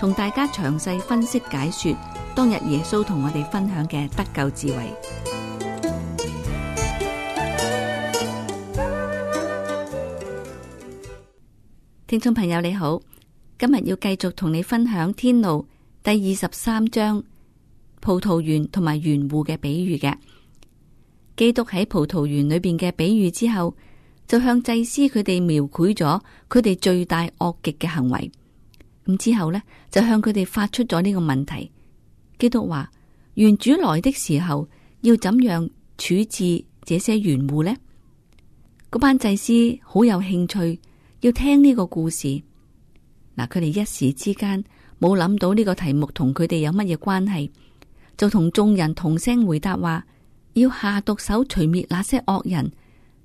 同大家詳細分析解說，當日耶穌同我哋分享嘅得救智慧。聽眾朋友你好，今日要繼續同你分享《天路》第二十三章葡萄園同埋園戶嘅比喻嘅。基督喺葡萄園裏邊嘅比喻之後，就向祭司佢哋描繪咗佢哋最大惡極嘅行為。咁之後呢，就向佢哋發出咗呢個問題。基督話：園主來的時候要怎樣處置這些園戶呢？嗰班祭司好有興趣要聽呢個故事。嗱，佢哋一時之間冇諗到呢個題目同佢哋有乜嘢關係，就同眾人同聲回答話：要下毒手除滅那些惡人，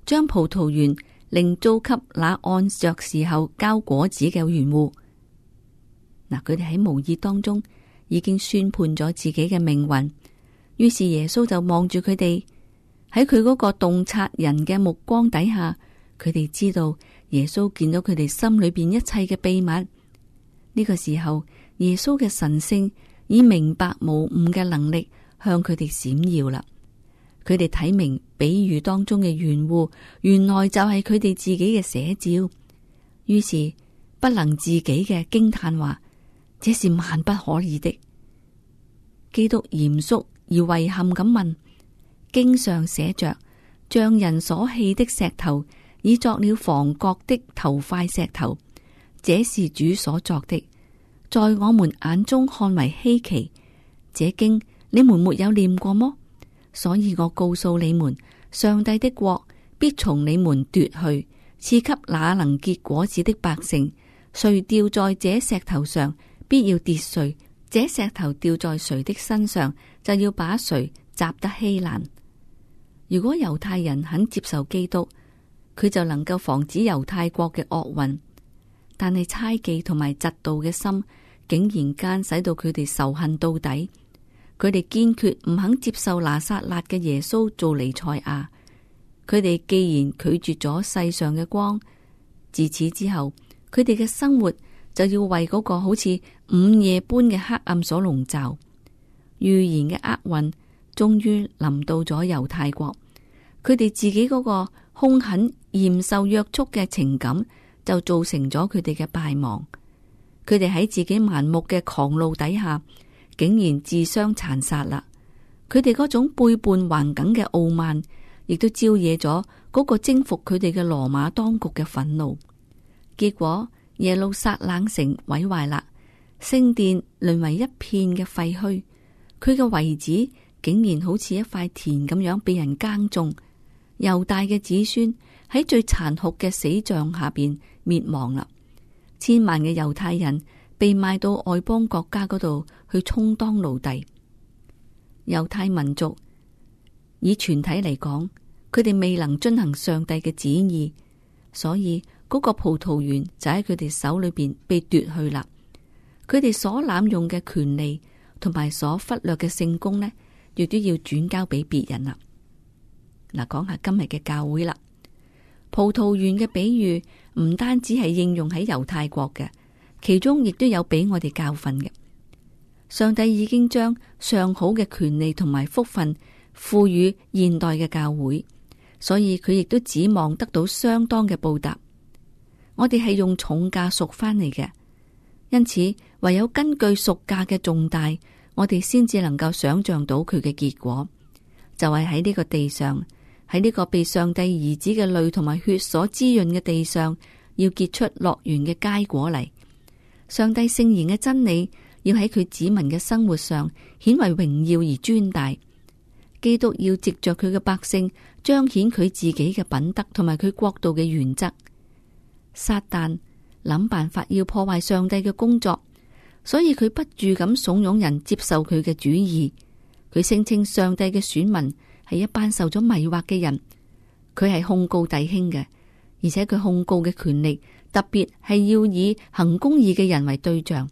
將葡萄園另租給那按着時候交果子嘅園戶。嗱，佢哋喺無意當中已經宣判咗自己嘅命運。於是耶穌就望住佢哋喺佢嗰個洞察人嘅目光底下，佢哋知道耶穌見到佢哋心裏邊一切嘅秘密。呢、這個時候，耶穌嘅神聖以明白無誤嘅能力向佢哋閃耀啦。佢哋睇明比喻當中嘅園戶，原來就係佢哋自己嘅寫照。於是不能自己嘅驚嘆話。這是萬不可以的。基督嚴肅而遺憾咁問：經上寫着，匠人所棄的石頭，已作了房角的頭塊石頭，這是主所作的，在我們眼中看為稀奇。這經你們沒有念過麼？所以我告訴你們，上帝的國必從你們奪去，賜給那能結果子的百姓。誰掉在這石頭上？必要跌碎，這石頭掉在誰的身上，就要把誰砸得稀爛。如果猶太人肯接受基督，佢就能夠防止猶太國嘅惡運。但係猜忌同埋嫉妒嘅心，竟然間使到佢哋仇恨到底。佢哋堅決唔肯接受拿撒勒嘅耶穌做尼賽亞。佢哋既然拒絕咗世上嘅光，自此之後，佢哋嘅生活，就要為嗰個好似午夜般嘅黑暗所籠罩，預言嘅厄運終於臨到咗猶太國。佢哋自己嗰個凶狠、嚴受約束嘅情感，就造成咗佢哋嘅敗亡。佢哋喺自己盲目嘅狂怒底下，竟然自相殘殺啦。佢哋嗰種背叛環境嘅傲慢，亦都招惹咗嗰個征服佢哋嘅羅馬當局嘅憤怒。結果，耶路撒冷城毀壞啦，聖殿淪為一片嘅廢墟。佢嘅遺址竟然好似一塊田咁樣被人耕種。猶大嘅子孫喺最殘酷嘅死像下邊滅亡啦。千萬嘅猶太人被賣到外邦國家嗰度去充當奴隸。猶太民族以全體嚟講，佢哋未能遵行上帝嘅旨意，所以。嗰個葡萄園就喺佢哋手裏邊被奪去啦。佢哋所濫用嘅權利同埋所忽略嘅聖工呢，亦都要轉交俾別人啦。嗱、啊，講下今日嘅教會啦。葡萄園嘅比喻唔單止係應用喺猶太國嘅，其中亦都有俾我哋教訓嘅。上帝已經將上好嘅權利同埋福分賦予現代嘅教會，所以佢亦都指望得到相當嘅報答。我哋係用重價贖翻嚟嘅，因此唯有根據贖價嘅重大，我哋先至能夠想象到佢嘅結果，就係喺呢個地上，喺呢個被上帝兒子嘅淚同埋血所滋潤嘅地上，要結出樂園嘅佳果嚟。上帝聖言嘅真理要喺佢子民嘅生活上顯為榮耀而尊大。基督要藉着佢嘅百姓彰顯佢自己嘅品德同埋佢國度嘅原則。撒旦諗辦法要破壞上帝嘅工作，所以佢不住咁慫恿人接受佢嘅主意。佢聲稱上帝嘅選民係一班受咗迷惑嘅人，佢係控告弟兄嘅，而且佢控告嘅權力特別係要以行公義嘅人為對象。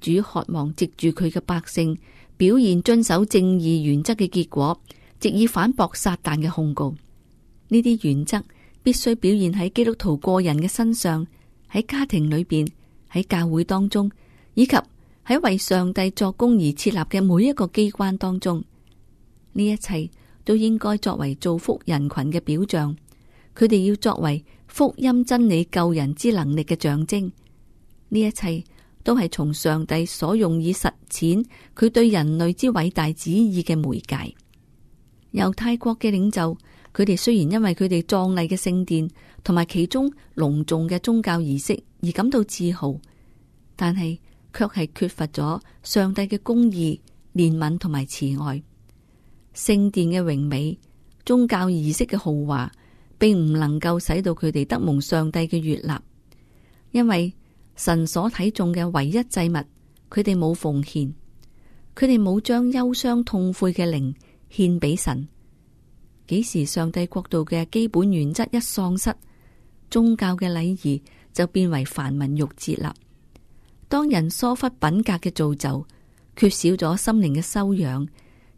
主渴望藉住佢嘅百姓，表現遵守正義原則嘅結果，藉以反駁撒旦嘅控告。呢啲原則必須表現喺基督徒個人嘅身上，喺家庭裏邊，喺教會當中，以及喺為上帝作工而設立嘅每一個機關當中。呢一切都應該作為造福人群嘅表象，佢哋要作為福音真理救人之能力嘅象徵。呢一切都係從上帝所用以實踐佢對人類之偉大旨意嘅媒介。猶太國嘅領袖。佢哋雖然因為佢哋壯麗嘅聖殿同埋其中隆重嘅宗教儀式而感到自豪，但係卻係缺乏咗上帝嘅公義、憐憫同埋慈愛。聖殿嘅榮美、宗教儀式嘅豪華，並唔能夠使到佢哋得蒙上帝嘅悅納，因為神所睇重嘅唯一祭物，佢哋冇奉獻，佢哋冇將憂傷痛悔嘅靈獻俾神。幾時上帝國度嘅基本原則一喪失，宗教嘅禮儀就變為繁文縟節啦。當人疏忽品格嘅造就，缺少咗心靈嘅修養，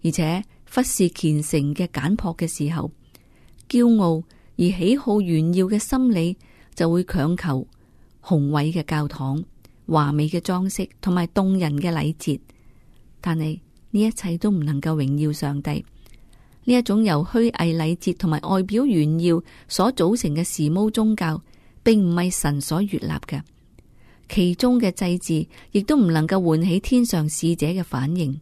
而且忽視虔誠嘅簡樸嘅時候，驕傲而喜好炫耀嘅心理就會強求宏偉嘅教堂、華美嘅裝飾同埋動人嘅禮節。但係呢一切都唔能夠榮耀上帝。呢一種由虛偽禮節同埋外表炫耀所組成嘅時髦宗教，並唔係神所設立嘅，其中嘅祭祀亦都唔能夠喚起天上使者嘅反應。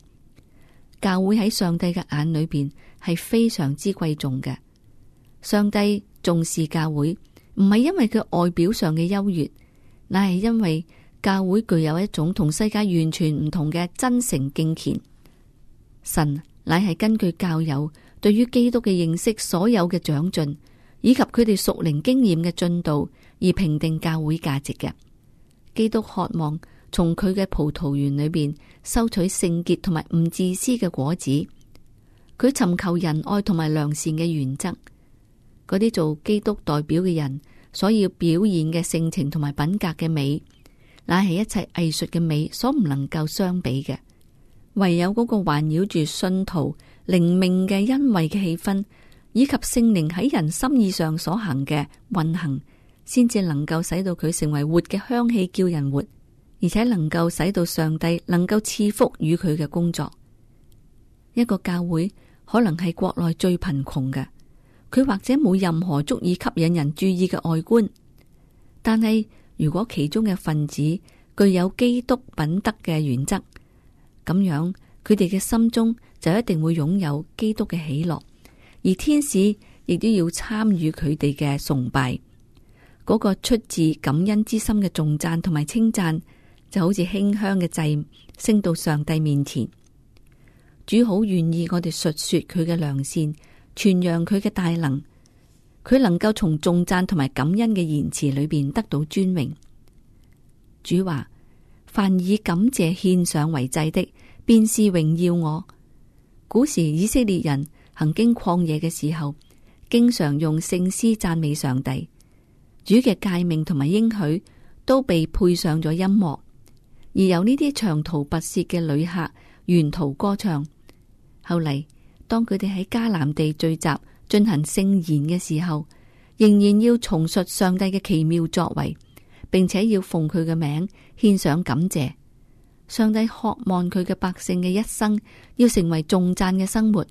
教會喺上帝嘅眼裏邊係非常之貴重嘅，上帝重視教會，唔係因為佢外表上嘅優越，乃係因為教會具有一種同世界完全唔同嘅真誠敬虔。神乃係根據教友，對於基督嘅認識，所有嘅長進，以及佢哋屬靈經驗嘅進度，而評定教會價值嘅。基督渴望從佢嘅葡萄園裏邊收取聖潔同埋唔自私嘅果子。佢尋求仁愛同埋良善嘅原則。嗰啲做基督代表嘅人所要表現嘅性情同埋品格嘅美，乃係一切藝術嘅美所唔能夠相比嘅。唯有嗰個環繞住信徒。靈命嘅恩惠嘅氣氛，以及聖靈喺人心意上所行嘅運行，先至能夠使到佢成為活嘅香氣，叫人活，而且能夠使到上帝能夠賜福於佢嘅工作。一個教會可能係國內最貧窮嘅，佢或者冇任何足以吸引人注意嘅外觀，但係如果其中嘅分子具有基督品德嘅原則，咁樣。佢哋嘅心中就一定會擁有基督嘅喜樂，而天使亦都要參與佢哋嘅崇拜。嗰、那個出自感恩之心嘅頌讚同埋稱讚，就好似馨香嘅祭，升到上帝面前。主好願意我哋述說佢嘅良善，傳揚佢嘅大能，佢能夠從頌讚同埋感恩嘅言辭裏邊得到尊榮。主話：凡以感謝獻上為祭的。便是榮耀我。古時以色列人行經曠野嘅時候，經常用聖詩讚美上帝。主嘅誡命同埋應許都被配上咗音樂，而有呢啲長途跋涉嘅旅客沿途歌唱。後嚟，當佢哋喺迦南地聚集進行聖言嘅時候，仍然要重述上帝嘅奇妙作為，並且要奉佢嘅名獻上感謝。上帝渴望佢嘅百姓嘅一生要成為重讚嘅生活，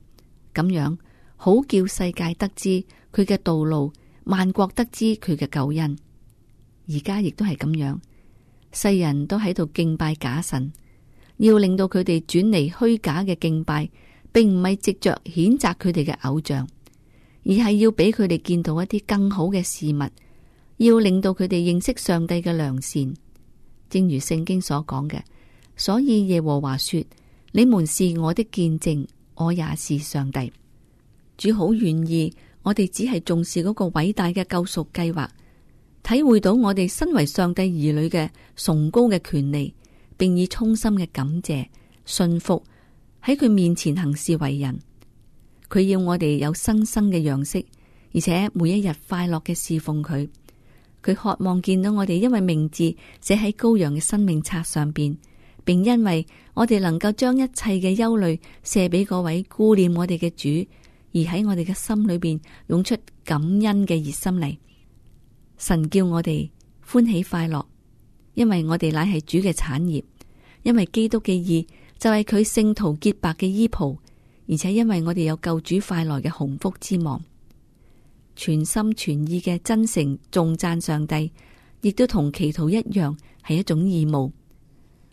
咁樣好叫世界得知佢嘅道路，萬國得知佢嘅救恩。而家亦都係咁樣，世人都喺度敬拜假神，要令到佢哋轉離虛假嘅敬拜，並唔係藉着譴責佢哋嘅偶像，而係要俾佢哋見到一啲更好嘅事物，要令到佢哋認識上帝嘅良善，正如聖經所講嘅。所以耶和華說：你們是我的見證，我也是上帝。主好願意我哋只係重視嗰個偉大嘅救贖計劃，體會到我哋身為上帝兒女嘅崇高嘅權利，並以衷心嘅感謝信服喺佢面前行事為人。佢要我哋有新生嘅樣式，而且每一日快樂嘅侍奉佢。佢渴望見到我哋，因為名字寫喺羔羊嘅生命冊上邊。並因為我哋能夠將一切嘅憂慮卸俾嗰位顧念我哋嘅主，而喺我哋嘅心裏邊湧出感恩嘅熱心嚟。神叫我哋歡喜快樂，因為我哋乃係主嘅產業，因為基督嘅義就係佢聖徒潔白嘅衣袍，而且因為我哋有救主快來嘅鴻福之望，全心全意嘅真誠重讚上帝，亦都同祈禱一樣係一種義務。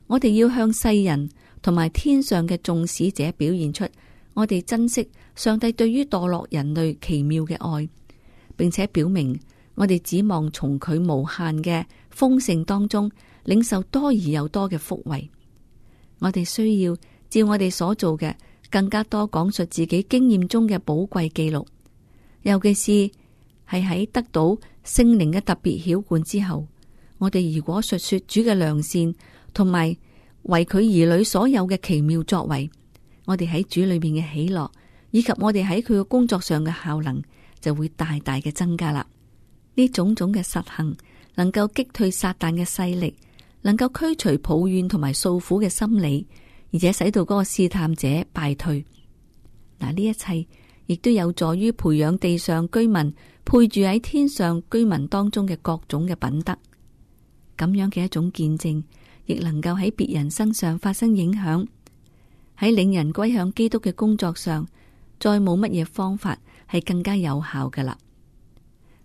我哋要向世人同埋天上嘅眾使者表現出我哋珍惜上帝對於墮落人類奇妙嘅愛，並且表明我哋指望從佢無限嘅豐盛當中領受多而又多嘅福惠。我哋需要照我哋所做嘅更加多講述自己經驗中嘅寶貴記錄，尤其是係喺得到聖靈嘅特別曉冠之後，我哋如果述說主嘅良善，同埋為佢兒女所有嘅奇妙作為，我哋喺主裏面嘅喜樂，以及我哋喺佢嘅工作上嘅效能，就會大大嘅增加啦。呢種種嘅實行，能夠擊退撒旦嘅勢力，能夠驅除抱怨同埋訴苦嘅心理，而且使到嗰個試探者敗退。嗱，呢一切亦都有助於培養地上居民，配住喺天上居民當中嘅各種嘅品德，咁樣嘅一種見證。亦能夠喺別人身上發生影響，喺領人歸向基督嘅工作上，再冇乜嘢方法係更加有效㗎喇。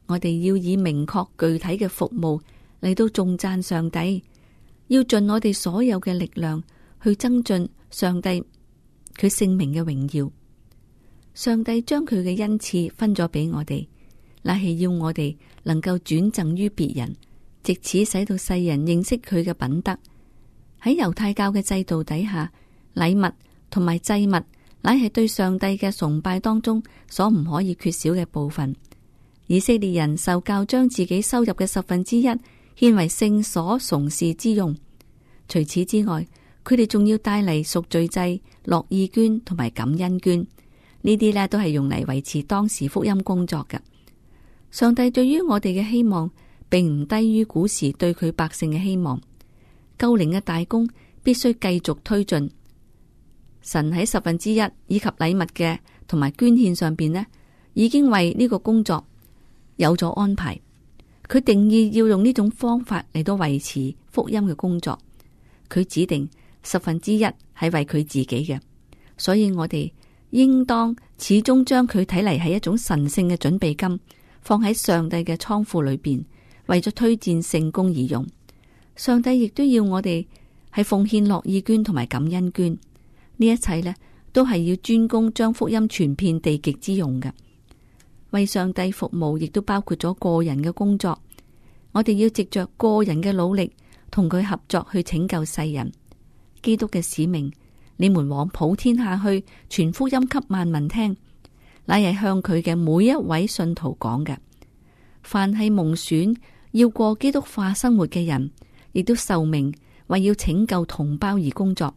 我哋要以明確具體嘅服務嚟到重讚上帝，要盡我哋所有嘅力量去增進上帝佢聖名嘅榮耀。上帝將佢嘅恩賜分咗俾我哋，那係要我哋能夠轉贈於別人，借此使到世人認識佢嘅品德。喺猶太教嘅制度底下，禮物同埋祭物乃係對上帝嘅崇拜當中所唔可以缺少嘅部分。以色列人受教將自己收入嘅十分之一獻為聖所從事之用。除此之外，佢哋仲要帶嚟贖罪祭、樂意捐同埋感恩捐。呢啲呢都係用嚟維持當時福音工作嘅。上帝對於我哋嘅希望，並唔低於古時對佢百姓嘅希望。修靈嘅大功必須繼續推進。神喺十分之一以及禮物嘅同埋捐獻上邊呢，已經為呢個工作有咗安排。佢定義要用呢種方法嚟到維持福音嘅工作。佢指定十分之一係為佢自己嘅，所以我哋應當始終將佢睇嚟係一種神聖嘅準備金，放喺上帝嘅倉庫裏邊，為咗推薦聖工而用。上帝亦都要我哋係奉獻樂意捐同埋感恩捐，呢一切咧都係要專攻將福音傳遍地極之用嘅。為上帝服務，亦都包括咗個人嘅工作。我哋要藉着個人嘅努力同佢合作去拯救世人。基督嘅使命，你們往普天下去傳福音給萬民聽，乃係向佢嘅每一位信徒講嘅，凡係蒙選要過基督化生活嘅人，亦都受命為要拯救同胞而工作，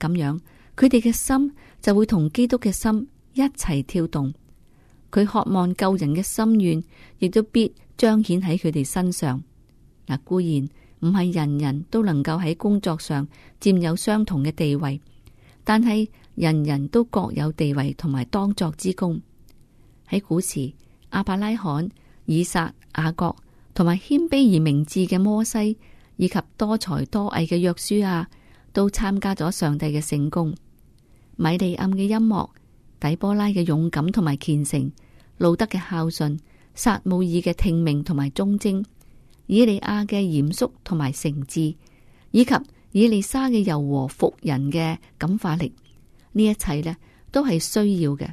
咁樣佢哋嘅心就會同基督嘅心一齊跳動。佢渴望救人嘅心願，亦都必彰顯喺佢哋身上。嗱，固然唔係人人都能夠喺工作上佔有相同嘅地位，但係人人都各有地位同埋當作之功。喺古時，阿伯拉罕、以撒、雅各同埋謙卑而明智嘅摩西。以及多才多藝嘅約書亞，都參加咗上帝嘅聖工。米利暗嘅音樂，底波拉嘅勇敢同埋虔誠，路德嘅孝順，撒母耳嘅聽命同埋忠貞，以利亞嘅嚴肅同埋誠摯，以及以利沙嘅柔和服人嘅感化力，呢一切呢都係需要嘅。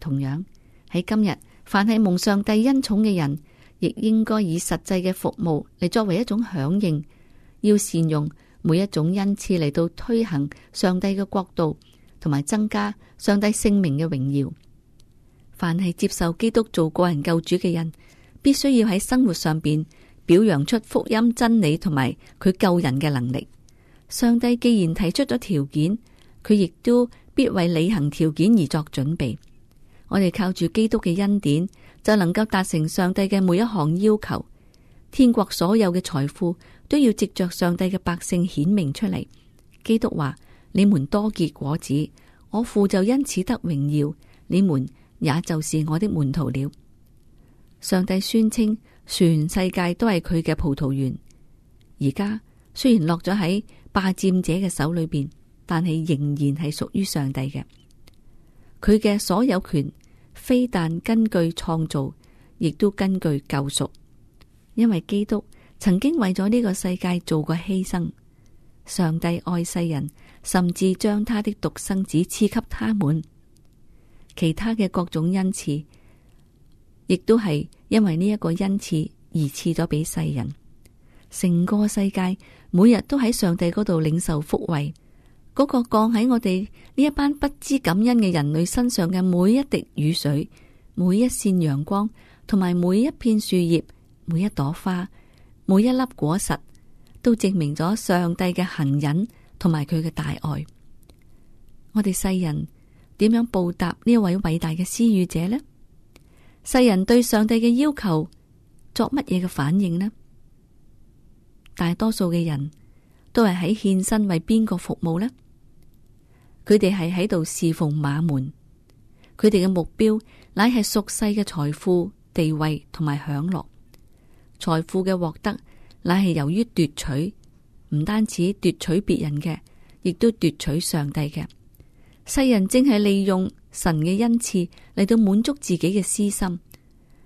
同樣喺今日，凡係蒙上帝恩寵嘅人，亦應該以實際嘅服務嚟作為一種響應，要善用每一種恩賜嚟到推行上帝嘅國度，同埋增加上帝聖名嘅榮耀。凡係接受基督做個人救主嘅人，必須要喺生活上邊表揚出福音真理同埋佢救人嘅能力。上帝既然提出咗條件，佢亦都必為履行條件而作準備。我哋靠住基督嘅恩典，就能夠達成上帝嘅每一項要求，天國所有嘅財富都要藉着上帝嘅百姓顯明出嚟。基督話：你們多結果子，我父就因此得榮耀，你們也就是我的門徒了。上帝宣稱，全世界都係佢嘅葡萄園，而家雖然落咗喺霸佔者嘅手裏邊，但係仍然係屬於上帝嘅，佢嘅所有權。非但根據創造，亦都根據救贖，因為基督曾經為咗呢個世界做過犧牲。上帝愛世人，甚至將他的獨生子賜給他們。其他嘅各種恩賜，亦都係因為呢一個恩賜而賜咗俾世人。成個世界每日都喺上帝嗰度領受福惠。嗰個降喺我哋呢一班不知感恩嘅人類身上嘅每一滴雨水、每一線陽光、同埋每一片樹葉、每一朵花、每一粒果實，都證明咗上帝嘅恒忍同埋佢嘅大愛。我哋世人點樣報答呢一位偉大嘅施予者呢？世人對上帝嘅要求，作乜嘢嘅反應呢？大多數嘅人都係喺獻身為邊個服務呢？佢哋係喺度侍奉馬門，佢哋嘅目標乃係屬世嘅財富、地位同埋享樂。財富嘅獲得，乃係由於奪取，唔單止奪取別人嘅，亦都奪取上帝嘅。世人正係利用神嘅恩賜嚟到滿足自己嘅私心。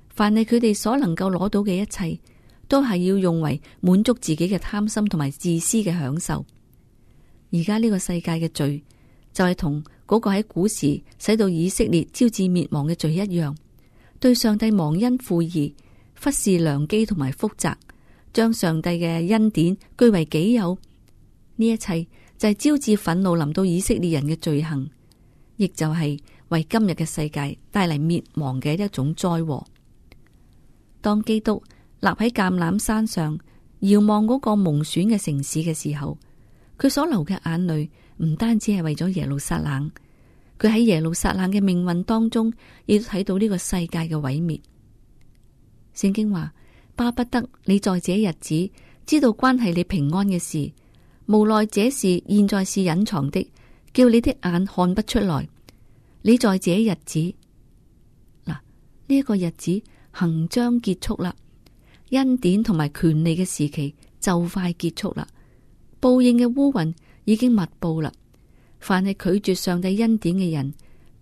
凡係佢哋所能夠攞到嘅一切，都係要用為滿足自己嘅貪心同埋自私嘅享受。而家呢個世界嘅罪，就係同嗰個喺古時使到以色列招致滅亡嘅罪一樣，對上帝忘恩負義、忽視良機同埋複雜，將上帝嘅恩典據為己有，呢一切就係招致憤怒臨到以色列人嘅罪行，亦就係為今日嘅世界帶嚟滅亡嘅一種災禍。當基督立喺橄欖山上遙望嗰個蒙選嘅城市嘅時候，佢所流嘅眼淚。唔單止係為咗耶路撒冷，佢喺耶路撒冷嘅命運當中，亦睇到呢個世界嘅毀滅。聖經話：巴不得你在這日子知道關係你平安嘅事，無奈這事現在是隱藏的，叫你的眼看不出來。你在這日子，嗱呢一個日子行將結束啦，恩典同埋權利嘅時期就快結束啦，報應嘅烏雲。已經密佈啦。凡係拒絕上帝恩典嘅人，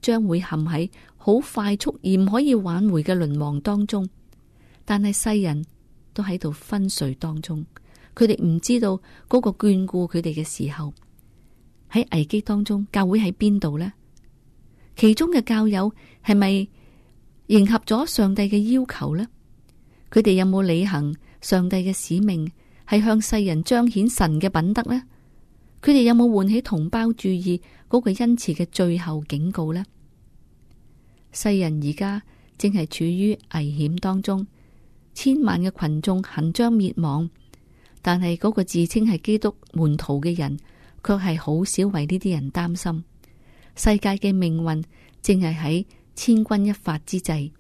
將會陷喺好快速而唔可以挽回嘅淪亡當中。但係世人都喺度昏睡當中，佢哋唔知道嗰個眷顧佢哋嘅時候，喺危機當中，教會喺邊度呢？其中嘅教友係咪迎合咗上帝嘅要求呢？佢哋有冇履行上帝嘅使命，係向世人彰顯神嘅品德呢？佢哋有冇喚起同胞注意嗰個恩賜嘅最後警告呢？世人而家正係處於危險當中，千萬嘅群眾行將滅亡，但係嗰個自稱係基督門徒嘅人，卻係好少為呢啲人擔心。世界嘅命運正係喺千鈞一髮之際，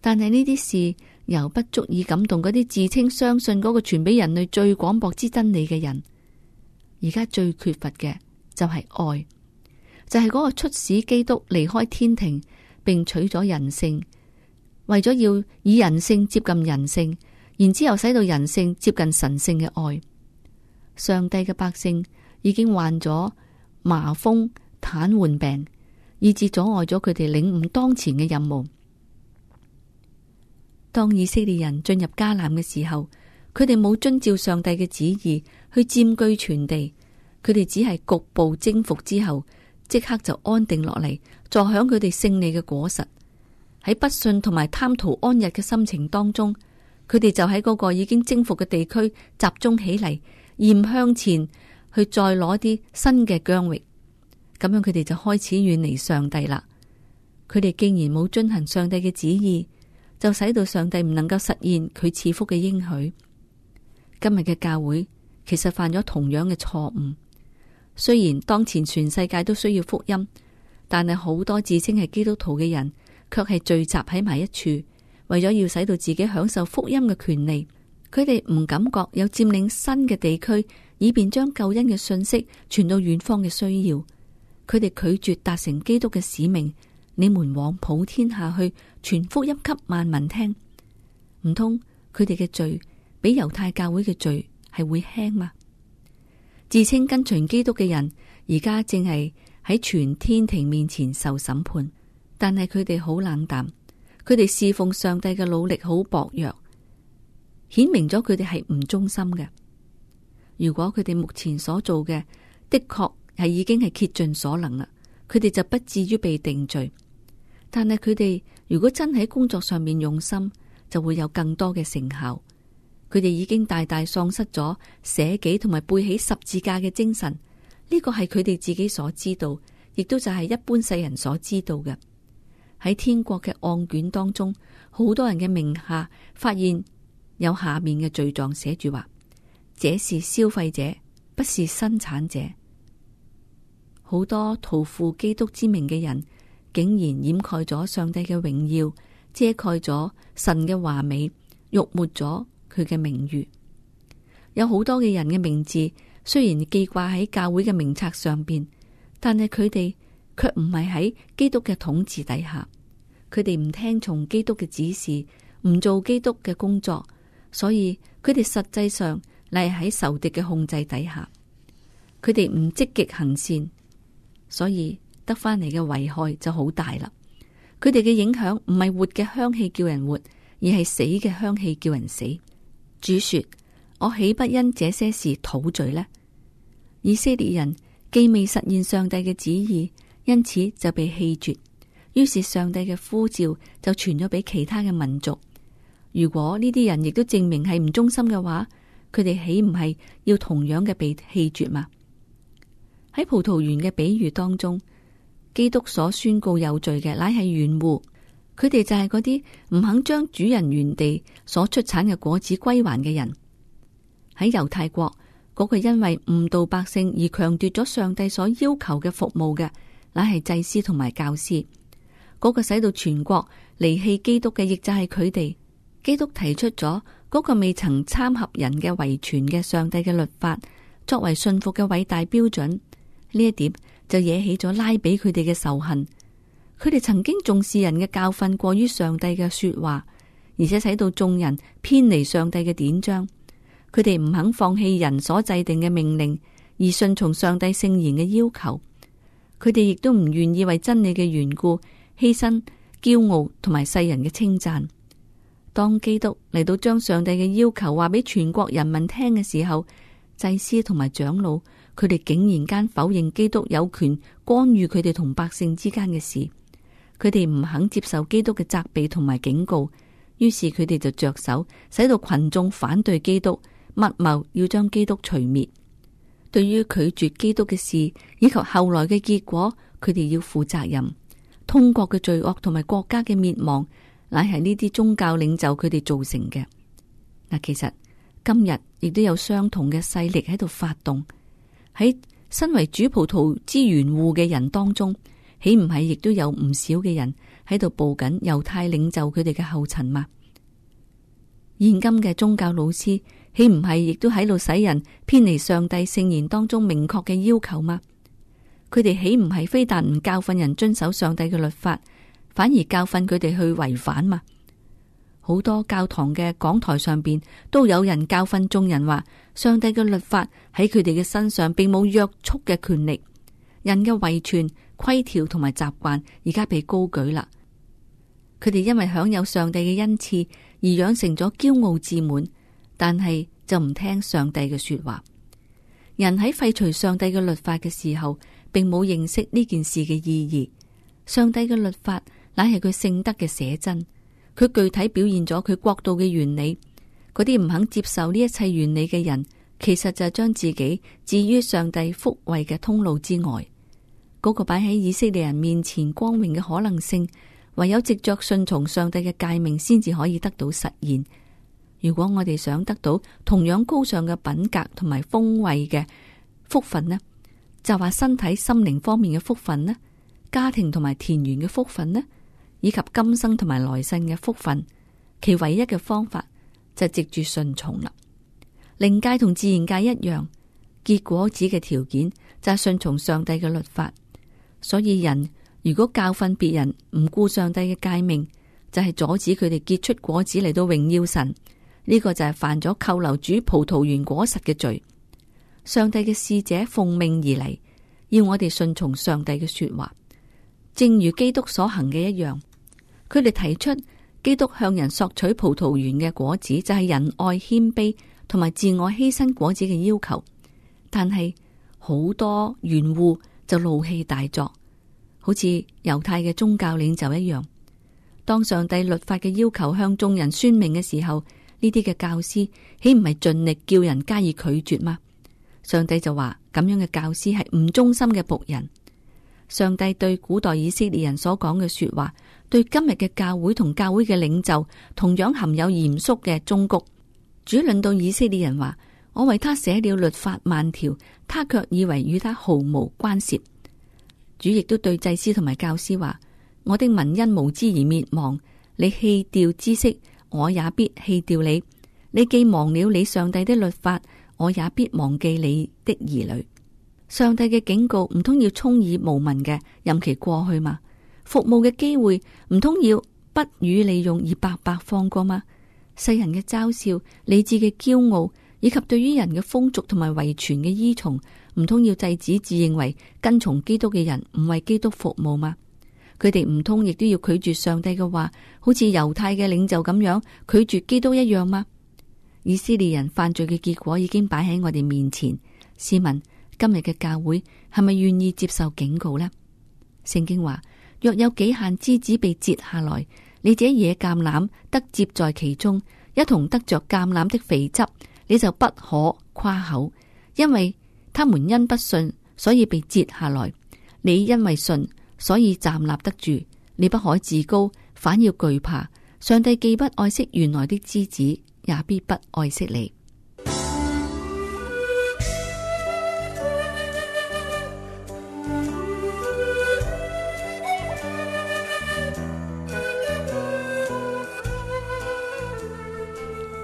但係呢啲事又不足以感動嗰啲自稱相信嗰個傳俾人類最廣博之真理嘅人。而家最缺乏嘅就係、是、愛，就係、是、嗰個出使基督離開天庭並取咗人性，為咗要以人性接近人性，然之後使到人性接近神性嘅愛。上帝嘅百姓已經患咗麻風、癱瘓病，以致阻礙咗佢哋領悟當前嘅任務。當以色列人進入迦南嘅時候，佢哋冇遵照上帝嘅旨意，去佔據全地，佢哋只係局部征服之後，即刻就安定落嚟，坐享佢哋勝利嘅果實。喺不信同埋貪圖安逸嘅心情當中，佢哋就喺嗰個已經征服嘅地區集中起嚟，沿向前去再攞啲新嘅疆域。咁樣佢哋就開始遠離上帝啦。佢哋竟然冇遵行上帝嘅旨意，就使到上帝唔能夠實現佢賜福嘅應許。今日嘅教會，其實犯咗同樣嘅錯誤。雖然當前全世界都需要福音，但係好多自稱係基督徒嘅人，卻係聚集喺埋一處，為咗要使到自己享受福音嘅權利。佢哋唔感覺有佔領新嘅地區，以便將救恩嘅信息傳到遠方嘅需要。佢哋拒絕達成基督嘅使命，你們往普天下去，傳福音給萬民聽。唔通佢哋嘅罪比猶太教會嘅罪，係會輕嗎？自稱跟隨基督嘅人，而家正係喺全天庭面前受審判，但係佢哋好冷淡，佢哋侍奉上帝嘅努力好薄弱，顯明咗佢哋係唔忠心嘅。如果佢哋目前所做嘅，的確係已經係竭盡所能啦，佢哋就不至於被定罪。但係佢哋如果真喺工作上面用心，就會有更多嘅成效。佢哋已經大大喪失咗捨己同埋背起十字架嘅精神。呢個係佢哋自己所知道，亦都就係一般世人所知道嘅。喺天國嘅案卷當中，好多人嘅名下發現有下面嘅罪狀，寫住話：這是消費者，不是生產者。好多徒負基督之名嘅人，竟然掩蓋咗上帝嘅榮耀，遮蓋咗神嘅華美，辱沒咗。佢嘅名譽有好多嘅人嘅名字，雖然記掛喺教會嘅名冊上邊，但係佢哋卻唔係喺基督嘅統治底下。佢哋唔聽從基督嘅指示，唔做基督嘅工作，所以佢哋實際上係喺仇敵嘅控制底下。佢哋唔積極行善，所以得返嚟嘅危害就好大啦。佢哋嘅影響唔係活嘅香氣叫人活，而係死嘅香氣叫人死。主說：我豈不因這些事討罪呢？以色列人既未實現上帝嘅旨意，因此就被棄絕。於是上帝嘅呼召就傳咗俾其他嘅民族。如果呢啲人亦都證明係唔忠心嘅話，佢哋豈唔係要同樣嘅被棄絕嘛？喺葡萄園嘅比喻當中，基督所宣告有罪嘅乃係園戶。佢哋就係嗰啲唔肯將主人原地所出產嘅果子歸還嘅人。喺猶太國，嗰、那個因為誤導百姓而強奪咗上帝所要求嘅服務嘅，乃係祭司同埋教師。嗰、那個使到全國離棄基督嘅，亦就係佢哋。基督提出咗嗰個未曾參合人嘅遺傳嘅上帝嘅律法，作為信服嘅偉大標準。呢一點就惹起咗拉比佢哋嘅仇恨。佢哋曾經重視人嘅教訓過於上帝嘅說話，而且使到眾人偏離上帝嘅典章。佢哋唔肯放棄人所制定嘅命令，而順從上帝聖言嘅要求。佢哋亦都唔願意為真理嘅緣故，犧牲驕傲同埋世人嘅稱讚。當基督嚟到將上帝嘅要求話俾全國人民聽嘅時候，祭司同埋長老，佢哋竟然間否認基督有權干預佢哋同百姓之間嘅事。佢哋唔肯接受基督嘅責備同埋警告，於是佢哋就着手使到群眾反對基督，密謀要將基督除滅。對於拒絕基督嘅事以及後來嘅結果，佢哋要負責任。通國嘅罪惡同埋國家嘅滅亡，乃係呢啲宗教領袖佢哋造成嘅。嗱，其實今日亦都有相同嘅勢力喺度發動，喺身為主葡萄之園戶嘅人當中。豈唔係亦都有唔少嘅人喺度步緊猶太領袖佢哋嘅後塵嘛？現今嘅宗教老師豈唔係亦都喺度使人偏離上帝聖言當中明確嘅要求嘛？佢哋豈唔係非但唔教訓人遵守上帝嘅律法，反而教訓佢哋去違反嘛？好多教堂嘅講台上邊都有人教訓眾人話：上帝嘅律法喺佢哋嘅身上並冇約束嘅權力，人嘅遺傳。規條同埋習慣而家被高舉啦，佢哋因為享有上帝嘅恩賜而養成咗驕傲自滿，但係就唔聽上帝嘅說話。人喺廢除上帝嘅律法嘅時候，並冇認識呢件事嘅意義。上帝嘅律法乃係佢聖德嘅寫真，佢具體表現咗佢國度嘅原理。嗰啲唔肯接受呢一切原理嘅人，其實就將自己置於上帝福惠嘅通路之外。嗰個擺喺以色列人面前光榮嘅可能性，唯有藉着順從上帝嘅誡命，先至可以得到實現。如果我哋想得到同樣高尚嘅品格同埋風味嘅福分呢？就話身體心靈方面嘅福分呢？家庭同埋田園嘅福分呢？以及今生同埋來世嘅福分，其唯一嘅方法就係藉着順從啦。靈界同自然界一樣，結果指嘅條件就係順從上帝嘅律法。所以人如果教訓別人唔顧上帝嘅誡命，就係、是、阻止佢哋結出果子嚟到榮耀神。呢、這個就係犯咗扣留主葡萄園果實嘅罪。上帝嘅使者奉命而嚟，要我哋順從上帝嘅說話，正如基督所行嘅一樣。佢哋提出基督向人索取葡萄園嘅果子，就係、是、仁愛謙卑同埋自我犧牲果子嘅要求。但係好多園戶。就怒氣大作，好似猶太嘅宗教領袖一樣。當上帝律法嘅要求向眾人宣明嘅時候，呢啲嘅教師豈唔係盡力叫人加以拒絕嗎？上帝就話：咁樣嘅教師係唔忠心嘅僕人。上帝對古代以色列人所講嘅說話，對今日嘅教會同教會嘅領袖，同樣含有嚴肅嘅忠告。主論到以色列人話：我為他寫了律法萬條，他卻以為與他毫無關涉。主亦都對祭司同埋教師話：我的民因無知而滅亡，你棄掉知識，我也必棄掉你。你既忘了你上帝的律法，我也必忘記你的兒女。上帝嘅警告唔通要充耳無聞嘅，任其過去嗎？服務嘅機會唔通要不予利用而白白放過嗎？世人嘅嘲笑，理智嘅驕傲。以及對於人嘅風俗同埋遺傳嘅依從，唔通要制止自認為跟從基督嘅人唔為基督服務嗎？佢哋唔通亦都要拒絕上帝嘅話，好似猶太嘅領袖咁樣拒絕基督一樣嗎？以色列人犯罪嘅結果已經擺喺我哋面前，試問今日嘅教會係咪願意接受警告呢？聖經話：若有幾根枝子被折下來，你這野橄欖得接在其中，一同得着橄欖的肥汁。你就不可誇口，因為他們因不信，所以被折下來。你因為信，所以站立得住。你不可自高，反要懼怕。上帝既不愛惜原來的枝子，也必不愛惜你。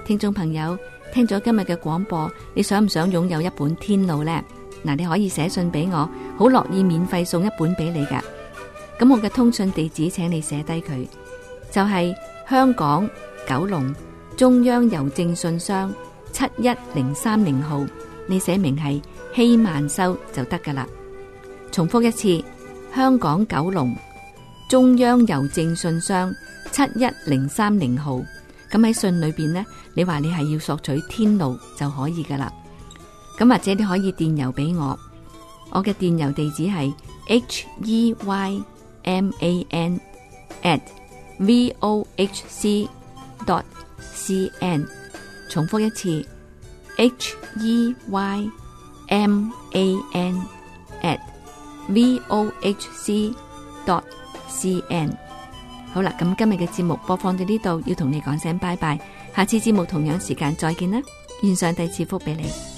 聽眾朋友。聽咗今日嘅廣播，你想唔想擁有一本天路呢？嗱，你可以寫信俾我，好樂意免費送一本俾你噶。咁我嘅通訊地址，請你寫低佢，就係香港九龍中央郵政信箱七一零三零號，你寫明係希曼修就得噶啦。重複一次，香港九龍中央郵政信箱七一零三零號。咁喺信裏邊咧，你話你係要索取天路就可以噶啦。咁或者你可以電郵俾我，我嘅電郵地址係 h e y m a n at v o h c dot c n。重複一次 h e y m a n at v o h c dot c n。好啦，咁今日嘅節目播放到呢度，要同你講聲拜拜，下次節目同樣時間再見啦，願上帝賜福俾你。